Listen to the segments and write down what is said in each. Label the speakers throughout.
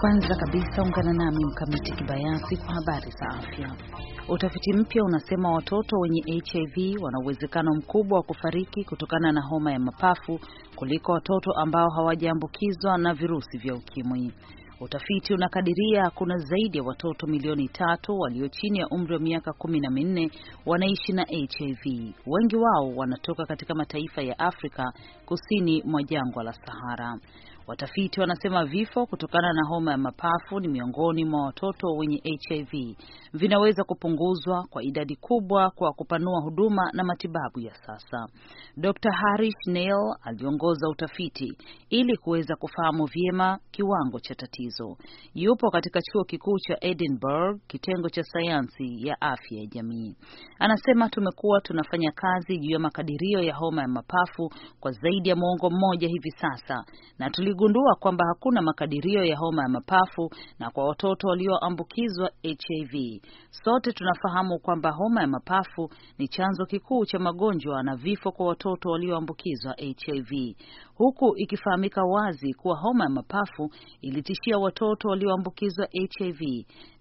Speaker 1: Kwanza kabisa ungana nami Mkamiti Kibayasi kwa habari za afya. Utafiti mpya unasema watoto wenye HIV wana uwezekano mkubwa wa kufariki kutokana na homa ya mapafu kuliko watoto ambao hawajaambukizwa na virusi vya ukimwi. Utafiti unakadiria kuna zaidi ya watoto milioni tatu walio chini ya umri wa miaka kumi na minne wanaishi na HIV. Wengi wao wanatoka katika mataifa ya Afrika kusini mwa jangwa la Sahara. Watafiti wanasema vifo kutokana na homa ya mapafu ni miongoni mwa watoto wenye HIV vinaweza kupunguzwa kwa idadi kubwa kwa kupanua huduma na matibabu ya sasa. Dr. Harish Neil aliongoza utafiti ili kuweza kufahamu vyema kiwango cha tatizo. Yupo katika chuo kikuu cha Edinburgh, kitengo cha sayansi ya afya ya jamii. Anasema tumekuwa tunafanya kazi juu ya makadirio ya homa ya mapafu kwa zaidi ya muongo mmoja hivi sasa na tuli waligundua kwamba hakuna makadirio ya homa ya mapafu na kwa watoto walioambukizwa HIV. Sote tunafahamu kwamba homa ya mapafu ni chanzo kikuu cha magonjwa na vifo kwa watoto walioambukizwa HIV huku ikifahamika wazi kuwa homa ya mapafu ilitishia watoto walioambukizwa HIV.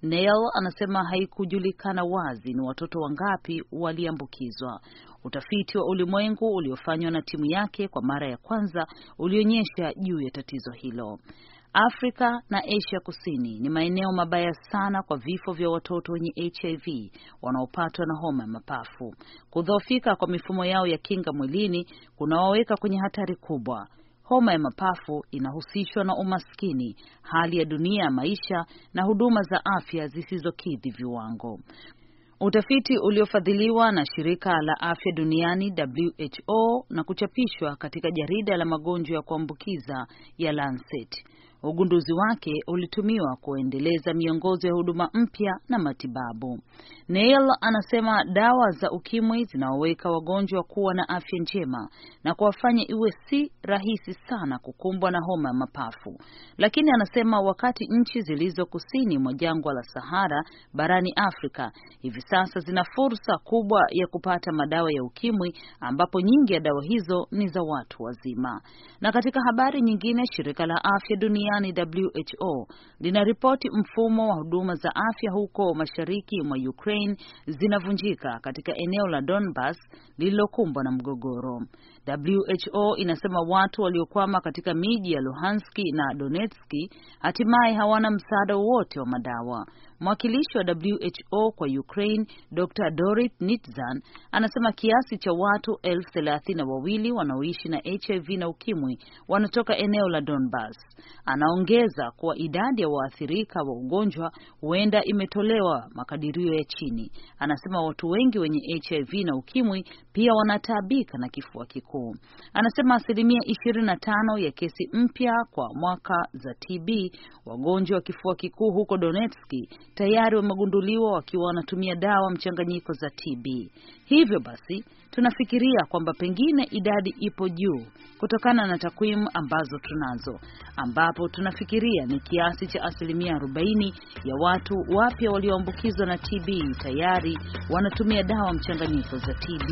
Speaker 1: Neil anasema haikujulikana wazi ni watoto wangapi waliambukizwa. Utafiti wa ulimwengu uliofanywa na timu yake kwa mara ya kwanza ulionyesha juu ya tatizo hilo. Afrika na Asia Kusini ni maeneo mabaya sana kwa vifo vya watoto wenye HIV wanaopatwa na homa ya mapafu. Kudhoofika kwa mifumo yao ya kinga mwilini kunawaweka kwenye hatari kubwa. Homa ya mapafu inahusishwa na umaskini, hali ya dunia ya maisha na huduma za afya zisizokidhi viwango. Utafiti uliofadhiliwa na shirika la afya duniani WHO na kuchapishwa katika jarida la magonjwa ya kuambukiza ya Lancet Ugunduzi wake ulitumiwa kuendeleza miongozo ya huduma mpya na matibabu. Neil anasema dawa za ukimwi zinaoweka wagonjwa kuwa na afya njema na kuwafanya iwe si rahisi sana kukumbwa na homa ya mapafu, lakini anasema wakati nchi zilizo kusini mwa jangwa la Sahara barani Afrika hivi sasa zina fursa kubwa ya kupata madawa ya ukimwi, ambapo nyingi ya dawa hizo ni za watu wazima. Na katika habari nyingine, shirika la afya dunia duniani WHO linaripoti mfumo wa huduma za afya huko mashariki mwa Ukraine zinavunjika katika eneo la Donbas lililokumbwa na mgogoro. WHO inasema watu waliokwama katika miji ya Luhanski na Donetski hatimaye hawana msaada wowote wa madawa. Mwakilishi wa WHO kwa Ukraine, Dr. Dorit Nitzan, anasema kiasi cha watu elfu thelathini na wawili wanaoishi na HIV na ukimwi wanatoka eneo la Donbas. Anaongeza kuwa idadi ya waathirika wa ugonjwa huenda imetolewa makadirio ya chini. Anasema watu wengi wenye HIV na ukimwi pia wanataabika na kifua kikuu. Anasema asilimia 25 ya kesi mpya kwa mwaka za TB wagonjwa wa kifua kikuu huko Donetski tayari wamegunduliwa wakiwa wanatumia dawa mchanganyiko za TB. Hivyo basi tunafikiria kwamba pengine idadi ipo juu kutokana na takwimu ambazo tunazo, ambapo tunafikiria ni kiasi cha asilimia 40 ya watu wapya walioambukizwa na TB tayari wanatumia dawa mchanganyiko za TB.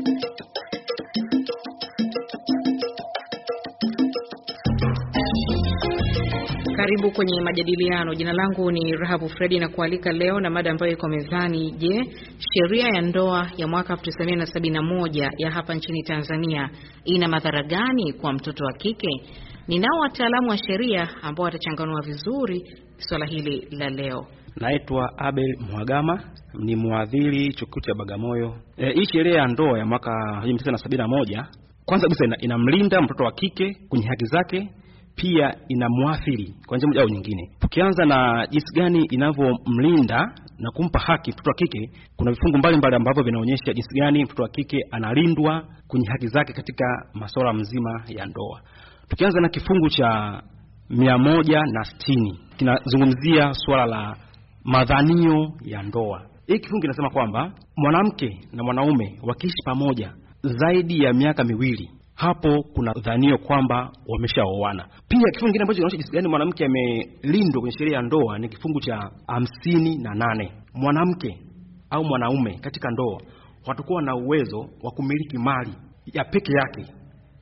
Speaker 2: Karibu kwenye majadiliano. Jina langu ni Rahabu Fredi na kualika leo na mada ambayo iko mezani. Je, sheria ya ndoa ya mwaka 1971 ya hapa nchini Tanzania ina madhara gani kwa mtoto wa kike? Ninao wataalamu wa sheria ambao watachanganua vizuri swala hili la leo.
Speaker 3: Naitwa Abel Mwagama, ni mwadhiri chuo kikuu cha Bagamoyo. E, hii sheria ya ndoa ya mwaka 1971 kwanza kabisa inamlinda mtoto wa kike kwenye haki zake pia inamwathiri kwa njia moja au nyingine. Tukianza na jinsi gani inavyomlinda na kumpa haki mtoto wa kike, kuna vifungu mbalimbali ambavyo vinaonyesha jinsi gani mtoto wa kike analindwa kwenye haki zake katika masuala mzima ya ndoa. Tukianza na kifungu cha mia moja na sitini kinazungumzia suala la madhanio ya ndoa. Hii kifungu kinasema kwamba mwanamke na mwanaume wakiishi pamoja zaidi ya miaka miwili hapo kuna dhanio kwamba wameshaoana. Pia kifungu kingine ambacho kinaonyesha jinsi gani mwanamke amelindwa kwenye sheria ya ndoa ni kifungu cha hamsini na nane. Mwanamke au mwanaume katika ndoa watakuwa na uwezo wa kumiliki mali ya peke yake.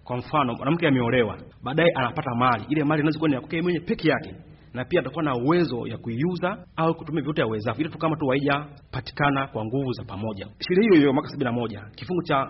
Speaker 3: Kwa mfano, mwanamke ameolewa, baadaye anapata mali. Ile mali inaweza kuwa ni kwake mwenyewe peke yake na pia atakuwa na uwezo ya kuiuza au kutumia vyote awezavyo, ili tu kama tu patikana kwa nguvu za pamoja. Sheria hiyo hiyo mwaka moja kifungu cha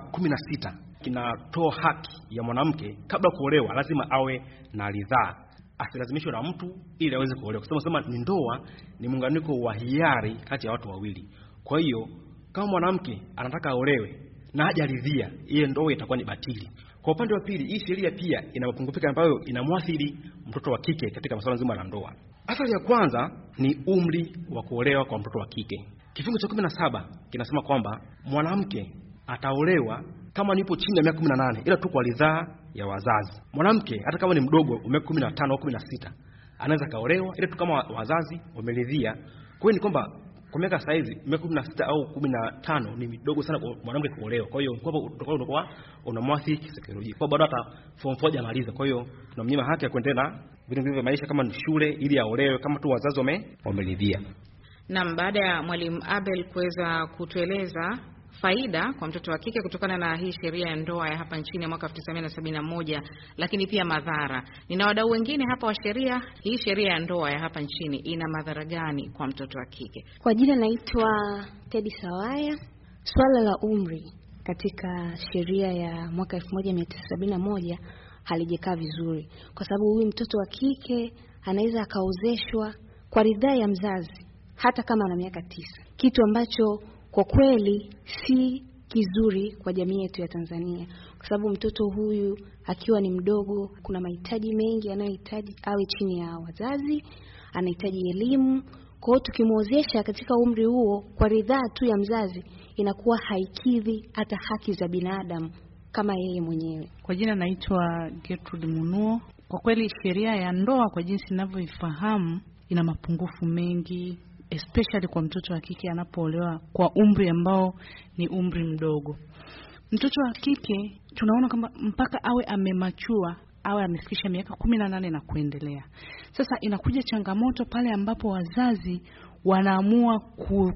Speaker 3: sita kinatoa haki ya mwanamke kabla kuolewa, lazima awe na ridhaa, asilazimishwe na mtu ili aweze kuolewa, kwa sababu ni ndoa ni muunganiko wa hiari kati ya watu wawili. Kwa hiyo kama mwanamke anataka aolewe na hajaridhia, ile ndoa itakuwa ni batili. Kwa upande wa pili, hii sheria pia ina mapungufu ambayo inamwathiri mtoto wa kike katika masuala nzima la ndoa. Athari ya kwanza ni umri wa kuolewa kwa mtoto wa kike. Kifungu cha 17 kinasema kwamba mwanamke ataolewa kama nipo chini ya miaka 18 ila tu kwa ridhaa ya wazazi. Mwanamke hata kama ni mdogo miaka 15 au 16 anaweza kaolewa ila tu kama wazazi wameridhia. Kwa hiyo ni kwamba kwa miaka sasa miaka kumi na sita au kumi na tano ni midogo sana kwa mwanamke kuolewa. Kwa hiyo hapo utakuwa unakuwa unamwasi kisaikolojia, kwa bado hata form 4 hajamaliza. Kwa hiyo tunamnyima haki ya kuendelea na vitu vingine vya maisha kama ni shule, ili aolewe kama tu wazazi wameridhia.
Speaker 2: Naam, baada ya mwalimu Abel kuweza kutueleza faida kwa mtoto wa kike kutokana na hii sheria ya ndoa ya hapa nchini ya mwaka 1971, lakini pia madhara. Nina wadau wengine hapa wa sheria. Hii sheria ya ndoa ya hapa nchini ina madhara gani kwa mtoto wa kike?
Speaker 4: Kwa jina
Speaker 5: naitwa Tedi Sawaya. Swala la umri katika sheria ya mwaka 1971 halijakaa vizuri, kwa sababu huyu mtoto wa kike anaweza akaozeshwa kwa ridhaa ya mzazi hata kama ana miaka tisa, kitu ambacho kwa kweli si kizuri kwa jamii yetu ya Tanzania, kwa sababu mtoto huyu akiwa ni mdogo, kuna mahitaji mengi anayohitaji awe chini ya wazazi, anahitaji elimu. Kwa hiyo tukimwozesha katika umri huo kwa ridhaa tu ya mzazi, inakuwa haikidhi hata haki za binadamu kama yeye mwenyewe. Kwa jina naitwa Gertrude Munuo. Kwa kweli sheria ya
Speaker 6: ndoa kwa jinsi ninavyoifahamu ina mapungufu mengi especially kwa mtoto wa kike anapoolewa kwa umri ambao ni umri mdogo. Mtoto wa kike tunaona kwamba mpaka awe amemachua awe amefikisha miaka kumi na nane na kuendelea. Sasa inakuja changamoto pale ambapo wazazi wanaamua ku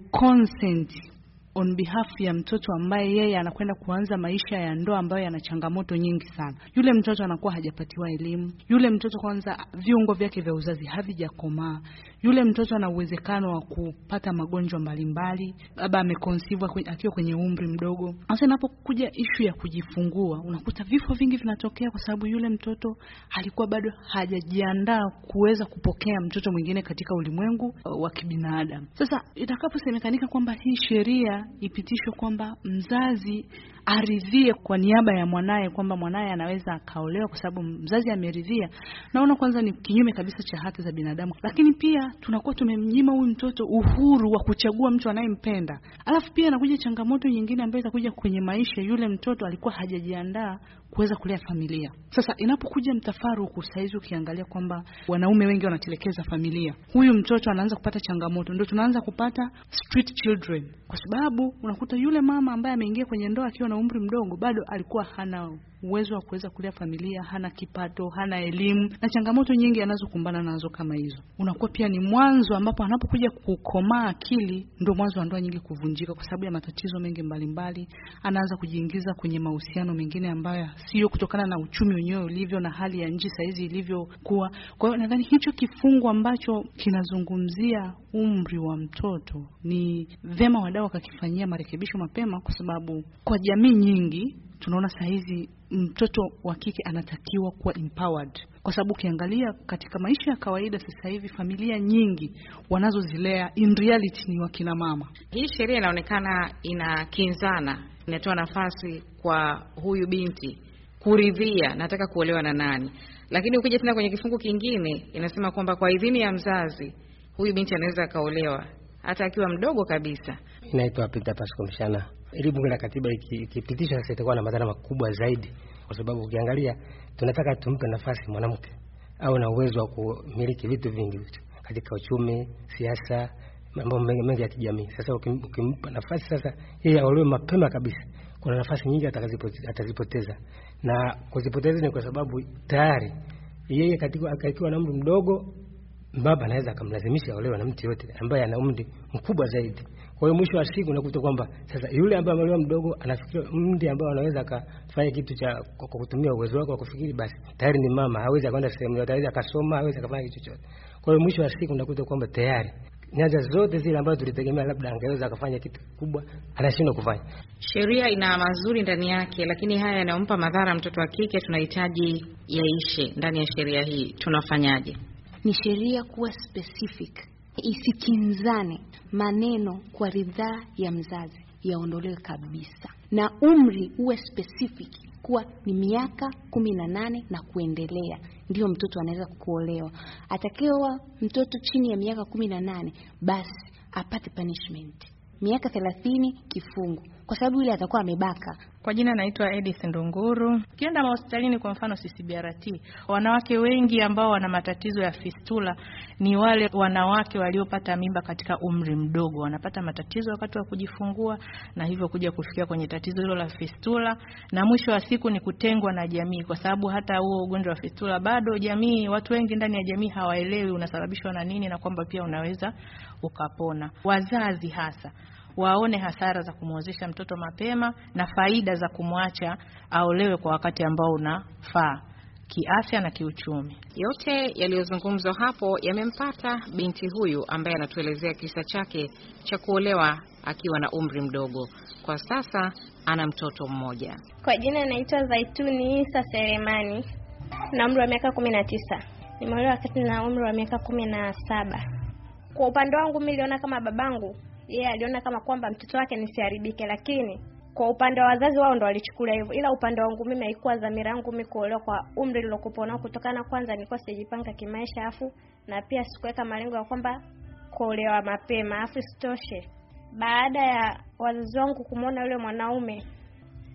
Speaker 6: on behalf ya mtoto ambaye yeye anakwenda kuanza maisha ya ndoa ambayo yana changamoto nyingi sana. Yule mtoto anakuwa hajapatiwa elimu, yule mtoto kwanza viungo vyake vya uzazi havijakomaa, yule mtoto ana uwezekano wa kupata magonjwa mbalimbali, labda amekonsivwa akiwa kwenye umri mdogo. Sasa inapokuja ishu ya kujifungua, unakuta vifo vingi vinatokea kwa sababu yule mtoto alikuwa bado hajajiandaa kuweza kupokea mtoto mwingine katika ulimwengu uh, wa kibinadamu. Sasa itakaposemekanika kwamba hii sheria ipitishwe kwamba mzazi aridhie kwa niaba ya mwanaye kwamba mwanaye anaweza akaolewa kwa sababu mzazi ameridhia, naona kwanza ni kinyume kabisa cha haki za binadamu. Lakini pia tunakuwa tumemnyima huyu mtoto uhuru wa kuchagua mtu anayempenda. Alafu pia anakuja changamoto nyingine ambayo itakuja kwenye maisha, yule mtoto alikuwa hajajiandaa kuweza kulea familia. Sasa inapokuja mtafaruku saizi, ukiangalia kwamba wanaume wengi wanatelekeza familia, huyu mtoto anaanza kupata changamoto, ndio tunaanza kupata street children, kwa sababu unakuta yule mama ambaye ameingia kwenye ndoa akiwa na umri mdogo, bado alikuwa hana uwezo wa kuweza kulea familia, hana kipato, hana elimu na changamoto nyingi anazokumbana nazo kama hizo, unakuwa pia ni mwanzo ambapo anapokuja kukomaa akili, ndio mwanzo wa ndoa nyingi kuvunjika kwa sababu ya matatizo mengi mbalimbali. Anaanza kujiingiza kwenye mahusiano mengine ambayo sio kutokana na uchumi wenyewe ulivyo na hali ya nchi saizi ilivyokuwa. Kwa hiyo nadhani hicho kifungu ambacho kinazungumzia umri wa mtoto ni vema wadau wakakifanyia marekebisho mapema, kwa sababu kwa jamii nyingi tunaona sahizi mtoto wa kike anatakiwa kuwa empowered, kwa sababu ukiangalia katika maisha ya kawaida sasa hivi familia nyingi wanazozilea in reality ni wakina
Speaker 2: mama. Hii sheria inaonekana inakinzana, inatoa nafasi kwa huyu binti kuridhia, nataka kuolewa na nani. Lakini ukija tena kwenye kifungu kingine inasema kwamba kwa idhini ya mzazi huyu binti anaweza akaolewa hata akiwa mdogo
Speaker 3: kabisa. Naitwa pita Pascal Mshana ili bunge la katiba ikipitisha, sasa itakuwa na madhara makubwa zaidi, kwa sababu ukiangalia, tunataka tumpe nafasi mwanamke au na uwezo wa kumiliki vitu vingi katika uchumi, siasa, mambo mengi ya kijamii. Sasa ukimpa nafasi sasa yeye aolewe mapema kabisa, kuna nafasi nyingi atazipoteza, na kuzipoteza ni kwa sababu tayari yeye akiwa na umri mdogo, baba anaweza akamlazimisha aolewe na mtu yote ambaye ana umri mkubwa zaidi. Kwa hiyo mwisho wa siku nakuta kwamba sasa yule ambaye amelewa mdogo anafikiri mdi mm, ambaye anaweza akafanya kitu cha kwa kutumia uwezo wake wa kufikiri, basi tayari ni mama, hawezi akaenda sehemu yote, hawezi akasoma, hawezi akafanya kitu chochote. Kwa hiyo mwisho wa siku nakuta kwamba tayari nyanja zote zile ambazo tulitegemea labda angeweza akafanya kitu kubwa anashindwa kufanya.
Speaker 2: Sheria ina mazuri ndani yake, lakini haya yanayompa madhara mtoto wa kike tunahitaji yaishe ndani ya sheria hii. Tunafanyaje?
Speaker 5: Ni sheria kuwa specific isikinzane, maneno kwa ridhaa ya mzazi yaondolewe kabisa, na umri uwe specific kuwa ni miaka kumi na nane na kuendelea ndiyo mtoto anaweza kuolewa. Atakewa mtoto chini ya miaka kumi na nane, basi apate punishment miaka thelathini kifungo kwa sababu yule atakuwa amebaka. Kwa jina naitwa Edith
Speaker 6: Ndunguru. Ukienda mahospitalini kwa mfano CCBRT, wanawake wengi ambao wana matatizo ya fistula ni wale wanawake waliopata mimba katika umri mdogo, wanapata matatizo wakati wa kujifungua na hivyo kuja kufikia kwenye tatizo hilo la fistula, na mwisho wa siku ni kutengwa na jamii, kwa sababu hata huo ugonjwa wa fistula bado jamii, watu wengi ndani ya jamii hawaelewi unasababishwa na nini na kwamba pia unaweza ukapona. Wazazi hasa waone hasara za kumwozesha mtoto mapema na faida za kumwacha aolewe kwa wakati ambao unafaa kiafya na kiuchumi.
Speaker 2: Yote yaliyozungumzwa hapo yamempata binti huyu ambaye anatuelezea kisa chake cha kuolewa akiwa na umri mdogo. Kwa sasa ana mtoto mmoja.
Speaker 7: Kwa jina anaitwa Zaituni Isa Seremani na umri wa miaka kumi na tisa. Nimeolewa wakati na umri wa miaka kumi na saba. Kwa upande wangu, mimi niliona kama babangu yeye yeah, aliona kama kwamba mtoto wake nisiharibike, lakini kwa upande wa wazazi wao ndo walichukulia hivyo, ila upande wangu mimi haikuwa dhamira yangu mimi kuolewa kwa umri nilokuwa nao, kutokana kwanza nilikuwa sijipanga kimaisha, afu na pia sikuweka malengo ya kwamba kuolewa mapema. Afu sitoshe, baada ya wazazi wangu kumwona yule mwanaume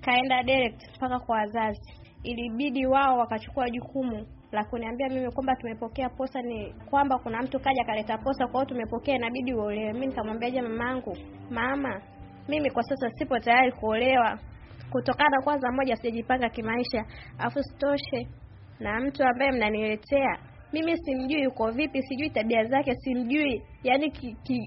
Speaker 7: kaenda direct mpaka kwa wazazi, ilibidi wao wakachukua jukumu la kuniambia mimi kwamba tumepokea posa, ni kwamba kuna mtu kaja kaleta posa, kwa hiyo tumepokea, inabidi uolewe. Mimi nikamwambia je, mamangu, mama, mimi kwa sasa sipo tayari kuolewa, kutokana kwanza, moja, sijajipanga kimaisha, afu sitoshe na mtu ambaye mnaniletea mimi simjui yuko vipi, sijui tabia zake, simjui yani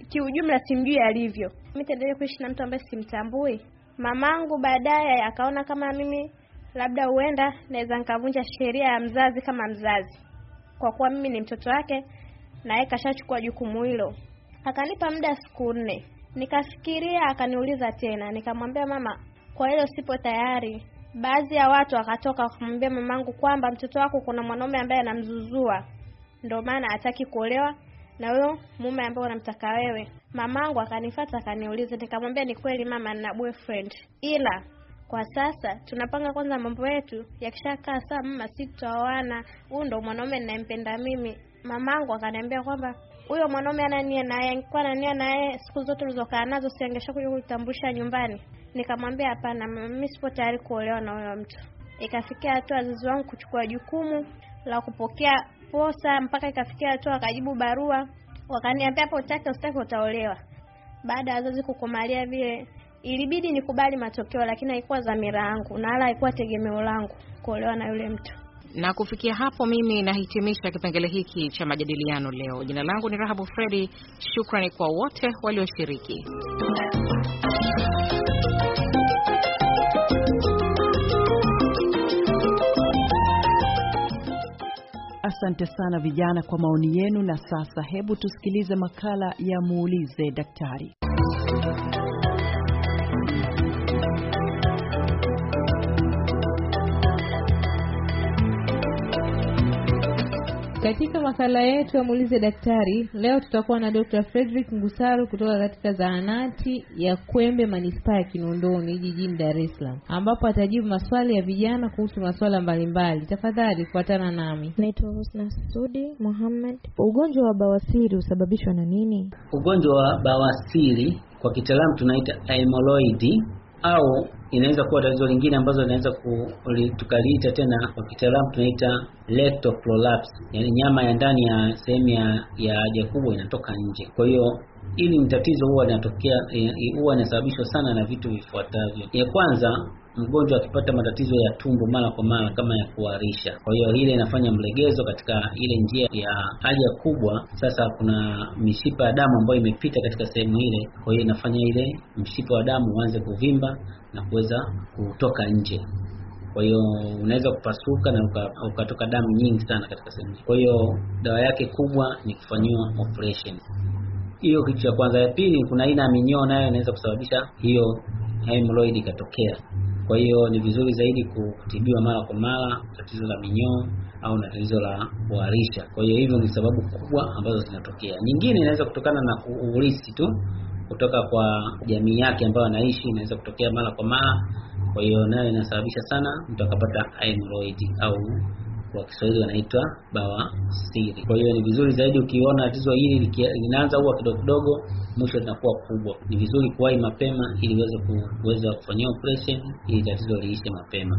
Speaker 7: kiujumla ki, ki simjui alivyo. Mimi taendelee kuishi na mtu ambaye simtambui. Mamangu baadaye akaona kama mimi labda huenda naweza nikavunja sheria ya mzazi kama mzazi, kwa kuwa mimi ni mtoto wake na yeye kashachukua jukumu hilo. Akanipa muda siku nne, nikafikiria. Akaniuliza tena, nikamwambia mama, kwa hilo sipo tayari. Baadhi ya watu wakatoka wakamwambia mamangu kwamba mtoto wako kuna mwanaume ambaye anamzuzua, ndio maana hataki kuolewa na huyo mume ambaye unamtaka wewe. Mamangu akanifuata akaniuliza, nikamwambia ni kweli mama, nina boyfriend ila kwa sasa tunapanga kwanza mambo yetu, yakishakaa saa, mama, si tutaoana, huyu ndo mwanaume ninayempenda mimi. Mamangu akaniambia kwamba huyo mwanaume ana naye, angekuwa na naye siku zote ulizokaa nazo, siangesha kuja kutambulisha nyumbani? Nikamwambia hapana, mimi sipo tayari kuolewa na huyo mtu. Ikafikia hatua wazazi wangu kuchukua jukumu la kupokea posa, mpaka ikafikia hatua wakajibu barua, wakaniambia hapo, utake usitake utaolewa. Baada ya wazazi kukumalia vile Ilibidi nikubali matokeo, lakini haikuwa dhamira yangu na wala haikuwa tegemeo langu kuolewa na yule mtu.
Speaker 2: Na kufikia hapo, mimi nahitimisha kipengele hiki cha majadiliano leo. Jina langu ni Rahabu Fredi. Shukrani kwa wote walioshiriki.
Speaker 8: Asante sana vijana kwa maoni yenu. Na sasa hebu tusikilize makala ya muulize daktari.
Speaker 2: Katika makala yetu ya muulize daktari leo tutakuwa na Dr. Frederick Ngusaru kutoka katika zahanati ya Kwembe manispaa ya Kinondoni jijini Dar es Salaam, ambapo atajibu maswali ya vijana kuhusu masuala mbalimbali. Tafadhali kufuatana nami. Naitwa Husna Sudi
Speaker 4: Muhammad. Ugonjwa wa bawasiri husababishwa na nini?
Speaker 9: Ugonjwa wa bawasiri kwa kitaalamu tunaita amyloid au inaweza kuwa tatizo lingine ambazo linaweza tukaliita tena kwa kitaalamu tunaita rectal prolapse, yani nyama ya ndani ya sehemu ya ya haja kubwa inatoka nje. Kwa hiyo ili ni tatizo huwa linatokea eh, huwa inasababishwa sana na vitu vifuatavyo. Ya kwanza mgonjwa akipata matatizo ya tumbo mara kwa mara kama ya kuharisha. Kwa hiyo ile inafanya mlegezo katika ile njia ya haja kubwa. Sasa kuna mishipa ya damu ambayo imepita katika sehemu ile, kwa hiyo inafanya ile mshipa wa damu uanze kuvimba na kuweza kutoka nje. Kwa hiyo unaweza kupasuka na ukatoka uka damu nyingi sana katika sehemu hiyo. Kwa hiyo dawa yake kubwa ni kufanyiwa operation. Hiyo kitu cha kwanza. Ya pili, kuna aina ya minyoo nayo inaweza kusababisha hiyo hemorrhoid ikatokea. Kwa hiyo ni vizuri zaidi kutibiwa mara kwa mara tatizo la minyoo au na tatizo la kuharisha. Kwa hiyo hivyo ni sababu kubwa ambazo zinatokea. Nyingine inaweza kutokana na kuurisi tu kutoka kwa jamii yake ambayo anaishi, inaweza kutokea mara kwa mara. Kwa hiyo nayo inasababisha sana mtu akapata hemorrhoid au kwa Kiswahili wanaitwa bawasiri. Kwa hiyo ni vizuri zaidi ukiona tatizo hili linaanza huwa kidogo kidogo, mwisho linakuwa kubwa, ni vizuri kuwahi mapema ili uweze kuweza kufanyia operation ili tatizo liishe mapema.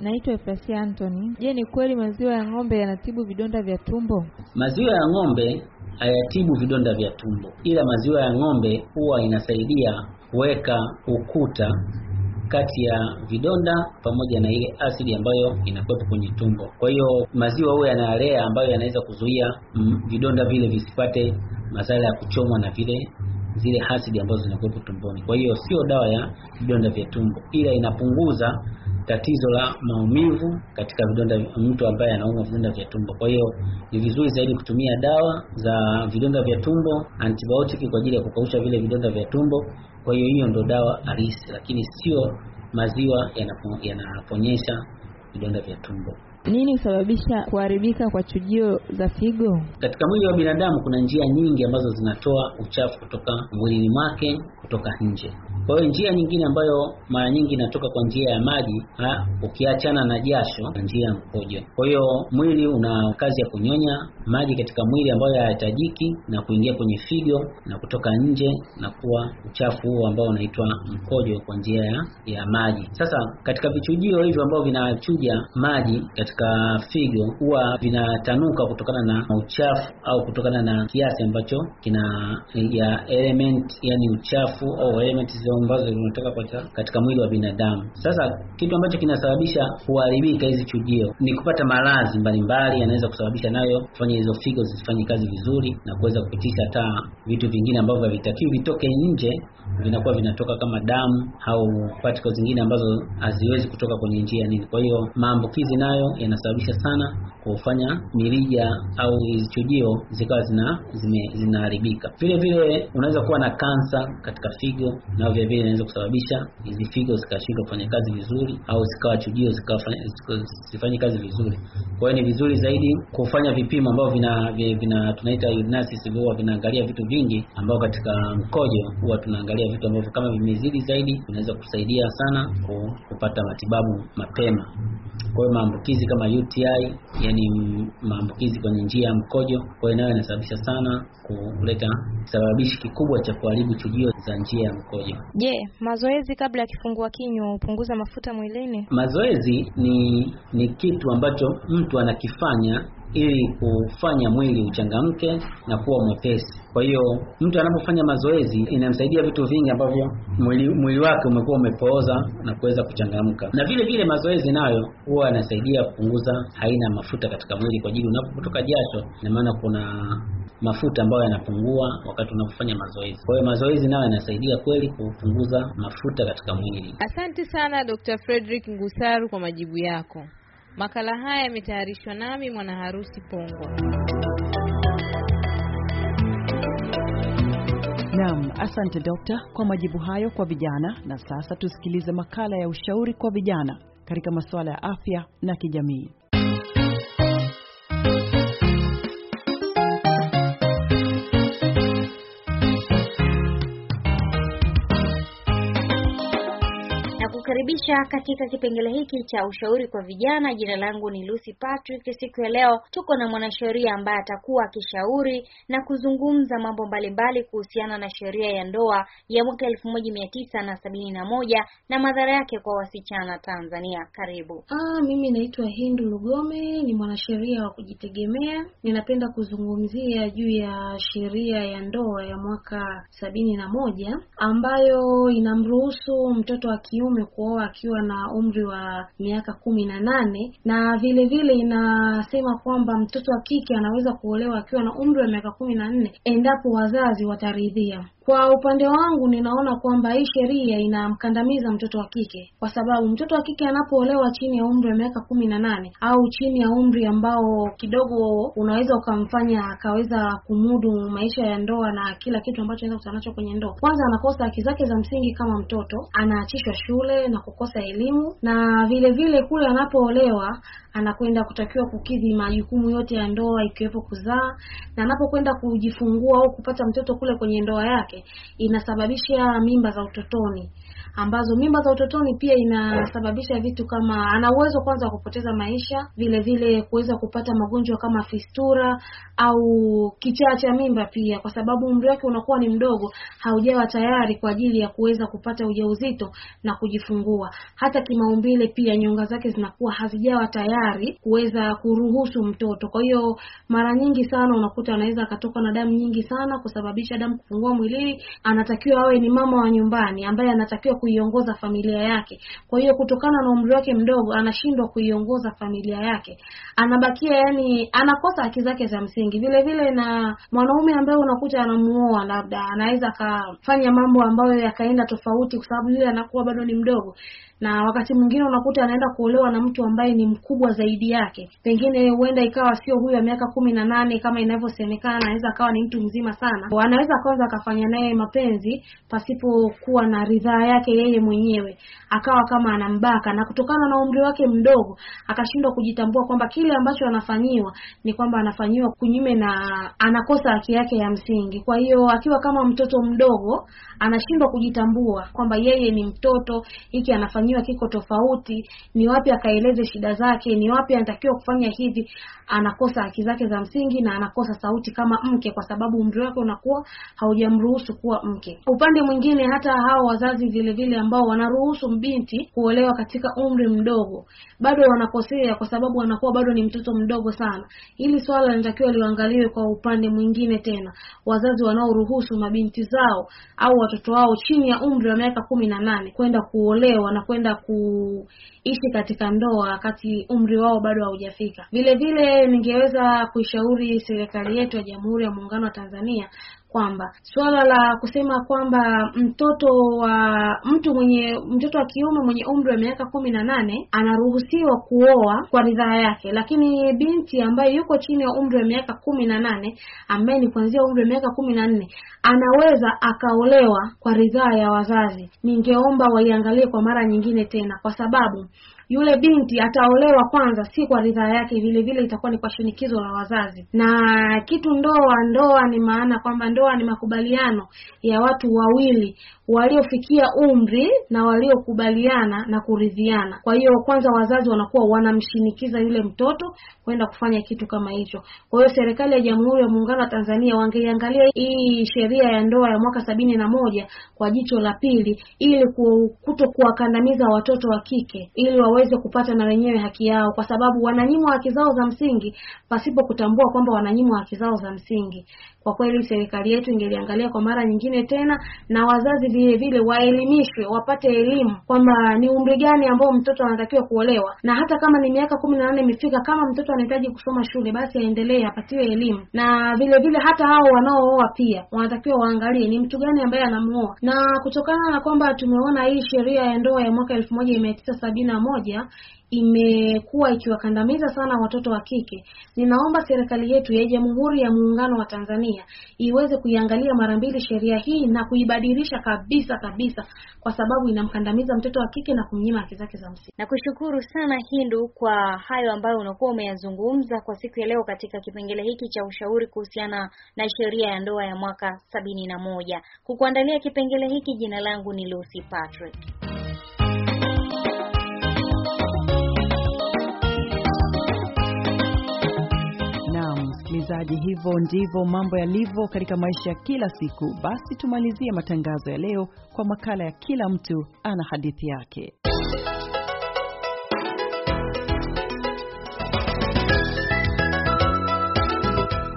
Speaker 4: Naitwa Efrasia Anthony. Je, ni kweli maziwa ya ng'ombe yanatibu vidonda vya tumbo?
Speaker 9: Maziwa ya ng'ombe hayatibu vidonda vya tumbo, ila maziwa ya ng'ombe huwa inasaidia kuweka ukuta kati ya vidonda pamoja na ile asidi ambayo inakuwepo kwenye tumbo. Kwa hiyo maziwa huwa yanalea ambayo yanaweza kuzuia mm, vidonda vile visipate madhara ya kuchomwa na vile zile asidi ambazo zinakuwepo tumboni. Kwa hiyo sio dawa ya vidonda vya tumbo, ila inapunguza tatizo la maumivu katika vidonda, mtu ambaye anaumwa vidonda vya tumbo. Kwa hiyo ni vizuri zaidi kutumia dawa za vidonda vya tumbo, antibiotiki kwa ajili ya kukausha vile vidonda vya tumbo kwa hiyo hiyo ndo dawa halisi, lakini sio maziwa yanaponyesha vidonda vya tumbo.
Speaker 2: Nini husababisha kuharibika kwa chujio za figo?
Speaker 9: Katika mwili wa binadamu kuna njia nyingi ambazo zinatoa uchafu kutoka mwilini mwake kutoka nje. Kwa hiyo njia nyingine ambayo mara nyingi inatoka kwa njia ya maji, ha, ukiachana na jasho na njia ya mkojo. Kwa hiyo mwili una kazi ya kunyonya maji katika mwili ambayo hayahitajiki na kuingia kwenye figo na kutoka nje na kuwa uchafu huo ambao unaitwa mkojo kwa njia ya, ya maji. Sasa katika vichujio hivyo ambao vinachuja maji katika figo huwa vinatanuka kutokana na uchafu au kutokana na kiasi ambacho kina ya element yani uchafu au element ambazo zinatoka katika mwili wa binadamu. Sasa kitu ambacho kinasababisha kuharibika hizi chujio ni kupata maradhi mbalimbali, yanaweza kusababisha nayo kufanya hizo figo zisifanye kazi vizuri na kuweza kupitisha hata vitu vingine ambavyo havitakiwi vitoke nje vinakuwa vinatoka kama damu au particles zingine ambazo haziwezi kutoka kwenye njia nini. Kwa hiyo maambukizi nayo yanasababisha sana kufanya mirija au hizi chujio zikawa zina zinaharibika. Vile vile unaweza kuwa na kansa katika figo, na vile vile inaweza kusababisha hizi figo zikashindwa kufanya kazi vizuri, au zikawa chujio zisifanye kazi vizuri. Kwa hiyo ni vizuri zaidi kufanya vipimo ambavyo vina, vina tunaita urinalysis, huwa vinaangalia vitu vingi ambao katika mkojo huwa tunaangalia ya vitu ambavyo kama vimezidi zaidi vinaweza kusaidia sana kupata matibabu mapema. Kwa hiyo maambukizi kama UTI, yani maambukizi kwenye njia ya mkojo, kwa hiyo nayo inasababisha sana kuleta sababishi kikubwa cha kuharibu chujio za njia ya mkojo.
Speaker 4: Je, yeah, mazoezi kabla ya kifungua kinywa hupunguza mafuta mwilini? Mazoezi
Speaker 9: ni ni kitu ambacho mtu anakifanya ili kufanya mwili uchangamke na kuwa mwepesi. Kwa hiyo mtu anapofanya mazoezi inamsaidia vitu vingi ambavyo mwili, mwili wake umekuwa umepooza na kuweza kuchangamka. Na vile vile mazoezi nayo huwa yanasaidia kupunguza haina ya mafuta katika mwili, kwa ajili unapotoka jasho, ina maana kuna mafuta ambayo yanapungua wakati unapofanya mazoezi. Kwa hiyo mazoezi nayo yanasaidia kweli kupunguza mafuta katika mwili.
Speaker 2: Asante sana Dr. Frederick Ngusaru kwa majibu yako. Makala haya yametayarishwa nami mwana harusi Pongwa.
Speaker 8: Naam, asante dokta kwa majibu hayo kwa vijana. Na sasa tusikilize makala ya ushauri kwa vijana katika masuala ya afya na kijamii.
Speaker 7: kukaribisha katika kipengele hiki cha ushauri kwa vijana. Jina langu ni Lucy Patrick. Siku ya leo tuko na mwanasheria ambaye atakuwa akishauri na kuzungumza mambo mbalimbali kuhusiana na sheria ya ndoa ya mwaka elfu moja mia tisa na sabini na moja na madhara yake kwa wasichana Tanzania. Karibu.
Speaker 4: Ah, mimi naitwa Hindu Lugome, ni mwanasheria wa kujitegemea. Ninapenda kuzungumzia juu ya sheria ya ndoa ya mwaka sabini na moja ambayo inamruhusu mtoto wa kiume kuoa akiwa na umri wa miaka kumi na nane na vile vile inasema kwamba mtoto wa kike anaweza kuolewa akiwa na umri wa miaka kumi na nne endapo wazazi wataridhia. Kwa upande wangu ninaona kwamba hii sheria inamkandamiza mtoto wa kike, kwa sababu mtoto wa kike anapoolewa chini ya umri wa miaka kumi na nane au chini ya umri ambao kidogo unaweza ukamfanya akaweza kumudu maisha ya ndoa na kila kitu ambacho anaweza kukutana nacho kwenye ndoa, kwanza anakosa haki zake za msingi kama mtoto, anaachishwa shule na kukosa elimu, na vile vile kule anapoolewa anakwenda kutakiwa kukidhi majukumu yote ya ndoa ikiwepo kuzaa, na anapokwenda kujifungua au kupata mtoto kule kwenye ndoa yake inasababisha mimba za utotoni ambazo mimba za utotoni pia inasababisha vitu kama, ana uwezo kwanza wa kupoteza maisha, vile vile kuweza kupata magonjwa kama fistura au kichaa cha mimba pia, kwa sababu umri wake unakuwa ni mdogo, haujawa tayari kwa ajili ya kuweza kupata ujauzito na kujifungua. Hata kimaumbile pia nyonga zake zinakuwa hazijawa tayari kuweza kuruhusu mtoto. Kwa hiyo mara nyingi sana unakuta anaweza akatoka na damu nyingi sana kusababisha damu kupungua mwilini. Anatakiwa awe ni mama wa nyumbani ambaye anatakiwa kuiongoza familia yake. Kwa hiyo kutokana na umri wake mdogo anashindwa kuiongoza familia yake, anabakia yani, anakosa haki zake za msingi. Vile vile na mwanaume ambaye unakuta anamuoa, labda anaweza akafanya mambo ambayo yakaenda tofauti, kwa sababu yule anakuwa bado ni mdogo na wakati mwingine unakuta anaenda kuolewa na mtu ambaye ni mkubwa zaidi yake, pengine huenda ikawa sio huyo wa miaka kumi na nane kama inavyosemekana, anaweza akawa ni mtu mzima sana. Anaweza kwanza akafanya naye mapenzi pasipo kuwa na ridhaa yake yeye mwenyewe, akawa kama anambaka, na kutokana na umri wake mdogo akashindwa kujitambua kwamba kile ambacho anafanyiwa ni kwamba anafanyiwa kunyume na anakosa haki yake ya msingi. Kwa hiyo akiwa kama mtoto mdogo anashindwa kujitambua kwamba yeye ni mtoto, hiki anafanya kufanyiwa kiko tofauti, ni wapi akaeleze shida zake, ni wapi anatakiwa kufanya hivi, anakosa haki zake za msingi na anakosa sauti kama mke, kwa sababu umri wake unakuwa haujamruhusu kuwa mke. Upande mwingine, hata hao wazazi vile vile ambao wanaruhusu binti kuolewa katika umri mdogo, bado wanakosea, kwa sababu anakuwa bado ni mtoto mdogo sana. Hili swala linatakiwa liangaliwe kwa upande mwingine tena, wazazi wanaoruhusu mabinti zao au watoto wao chini ya umri wa miaka kumi na nane kwenda kuolewa na kwenda kwenda kuishi katika ndoa wakati umri wao bado haujafika. Vile vile ningeweza kuishauri serikali yetu ya Jamhuri ya Muungano wa Tanzania kwamba suala la kusema kwamba mtoto wa mtu mwenye mtoto wa kiume mwenye umri wa miaka kumi na nane anaruhusiwa kuoa kwa ridhaa yake, lakini binti ambaye yuko chini ya umri wa miaka kumi na nane ambaye ni kuanzia umri wa miaka kumi na nne anaweza akaolewa kwa ridhaa ya wazazi. Ningeomba waiangalie kwa mara nyingine tena, kwa sababu yule binti ataolewa kwanza, si kwa ridhaa yake, vile vile itakuwa ni kwa shinikizo la wazazi. Na kitu ndoa, ndoa ni maana kwamba ndoa ni makubaliano ya watu wawili waliofikia umri na waliokubaliana na kuridhiana. Kwa hiyo kwanza, wazazi wanakuwa wanamshinikiza yule mtoto kwenda kufanya kitu kama hicho. Kwa hiyo serikali ya Jamhuri ya Muungano wa Tanzania wangeiangalia hii sheria ya ndoa ya mwaka sabini na moja kwa jicho la pili, ili kuto kuwakandamiza watoto wa kike, ili waweze kupata na wenyewe haki yao, kwa sababu wananyimwa haki zao za msingi pasipo kutambua kwamba wananyimwa haki zao za msingi. Kwa kweli serikali yetu ingeliangalia kwa mara nyingine tena na wazazi vile vile waelimishwe, wapate elimu kwamba ni umri gani ambao mtoto anatakiwa kuolewa, na hata kama ni miaka kumi na nane imefika, kama mtoto anahitaji kusoma shule, basi aendelee, apatiwe elimu. Na vile vile hata hao wanaooa pia wanatakiwa waangalie ni mtu gani ambaye anamuoa, na kutokana na kwamba tumeona hii sheria ya ndoa ya mwaka elfu moja mia tisa sabini na moja imekuwa ikiwakandamiza sana watoto wa kike. Ninaomba serikali yetu ya Jamhuri ya Muungano wa Tanzania iweze kuiangalia mara mbili sheria hii na kuibadilisha kabisa kabisa, kwa sababu inamkandamiza mtoto wa kike na kumnyima haki zake za msingi. Nakushukuru sana
Speaker 7: Hindu kwa hayo ambayo unakuwa umeyazungumza kwa siku ya leo katika kipengele hiki cha ushauri kuhusiana na sheria ya ndoa ya mwaka sabini na moja. Kukuandalia kipengele hiki, jina
Speaker 5: langu ni Lucy Patrick.
Speaker 8: msikilizaji, hivyo ndivyo mambo yalivyo katika maisha ya kila siku. Basi tumalizie matangazo ya leo kwa makala ya kila mtu ana hadithi yake.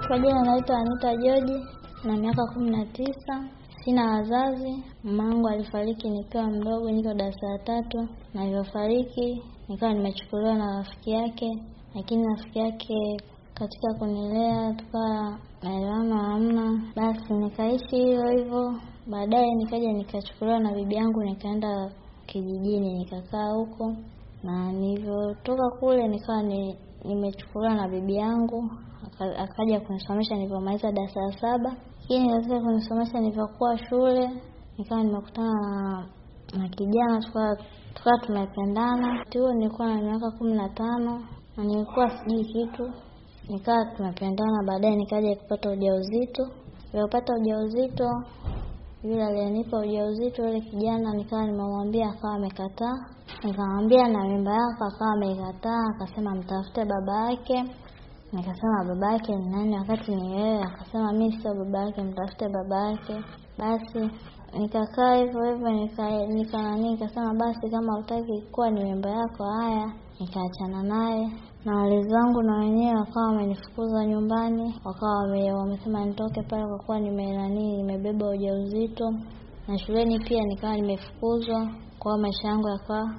Speaker 10: Kwa jina anaitwa Anita Joji na miaka kumi na tisa. Sina wazazi. mmaangu alifariki nikiwa mdogo, niko darasa ya tatu, na alivyofariki nikawa nimechukuliwa na rafiki yake, lakini rafiki yake katika kunilea, tukawa maelewano hamna. Basi nikaishi hivyo hivyo, baadaye nikaja nikachukuliwa na bibi yangu nikaenda kijijini nikakaa huko, na nilivyotoka kule nikawa ni, nimechukuliwa na bibi yangu akaja kunisomesha nilivyomaliza darasa la saba. Lakini katika kunisomesha nilivyokuwa shule nikawa nimekutana na kijana tukawa tukawa tumependana. Huo nilikuwa na miaka kumi na tano na nilikuwa sijui kitu nikawa tunapendana, baadaye nikaja kupata ujauzito. Nilipata ujauzito, yule aliyenipa ujauzito yule kijana, nikawa nimemwambia, akawa amekataa. Nikamwambia na mimba yako, akawa amekataa, akasema mtafute baba yake. Nikasema baba yake ni nani wakati ni wewe? Akasema mi sio baba yake, mtafute baba yake. Basi nikakaa hivyo hivyo, nika nani, nikasema basi kama utaki kuwa ni mimba yako, haya nikaachana naye na walezi wangu na wenyewe wakawa wamenifukuza nyumbani, wakawa wame, wamesema nitoke pale kwa kuwa nime nimebeba ujauzito, na shuleni pia nikawa nimefukuzwa, kwa maisha yangu yakawa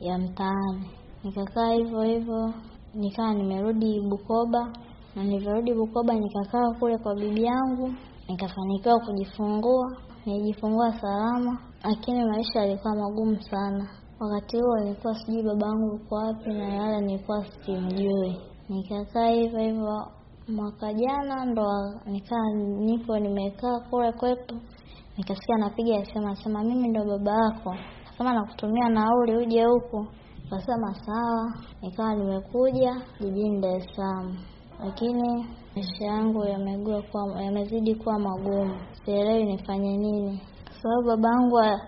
Speaker 10: ya mtaani. Nikakaa hivyo hivyo, nikawa nimerudi Bukoba, na nilivyorudi Bukoba nikakaa kule kwa bibi yangu, nikafanikiwa kujifungua, nilijifungua salama, lakini maisha yalikuwa magumu sana. Wakati huo nilikuwa sijui babangu yuko wapi na lala, nilikuwa simjui. Nikakaa hivyo hivyo mwaka jana ndo nikaa nipo nimekaa kule kwetu, nikasikia anapiga asema sema, mimi ndo baba yako, kama nakutumia nauli uje huku. Kasema sawa, nikawa nimekuja jijini Dar es Salaam, lakini maisha yangu yamegua kuwa yamezidi kuwa magumu, sielewi nifanye nini, kwa sababu babangu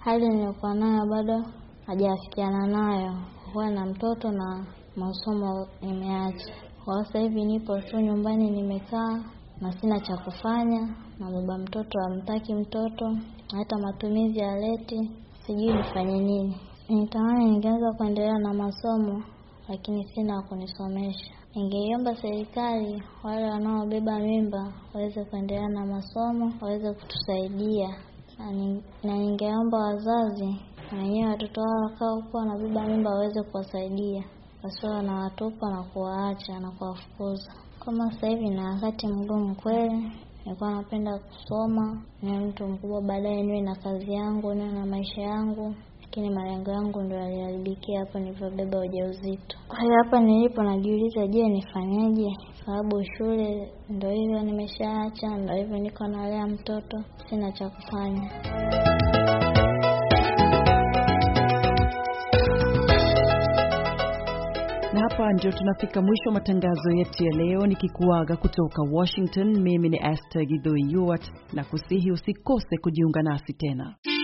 Speaker 10: hali nilikuwa nayo bado hajafikiana nayo, huwa na mtoto na masomo nimeacha. Kwa sasa hivi nipo tu nyumbani nimekaa na sina cha kufanya, na baba mtoto amtaki mtoto, hata matumizi ya leti sijui nifanye nini. Nitamani ningeweza kuendelea na masomo, lakini sina kunisomesha. Ningeiomba serikali, wale wanaobeba mimba waweze kuendelea na masomo, waweze kutusaidia, na ningeomba wazazi na wenyewe watoto wao wakaokuwa wanabeba mimba waweze kuwasaidia, wasiwe wanawatupa na kuwaacha na kuwafukuza. Kama sasa hivi na wakati mgumu kweli, nilikuwa napenda kusoma, niwe mtu mkubwa baadaye, niwe na kazi yangu, niwe na maisha yangu lakini malengo yangu ndo yaliharibikia hapo nilivyobeba ujauzito. Kwa hiyo hapa nilipo najiuliza, je, nifanyeje? Sababu shule ndo hivyo nimeshaacha, ndo hivyo niko nalea mtoto, sina cha kufanya.
Speaker 8: hapa ndio tunafika mwisho wa matangazo yetu ya leo, nikikuaga kutoka Washington. Mimi ni Esther Gidho Yuart, na kusihi usikose kujiunga nasi tena.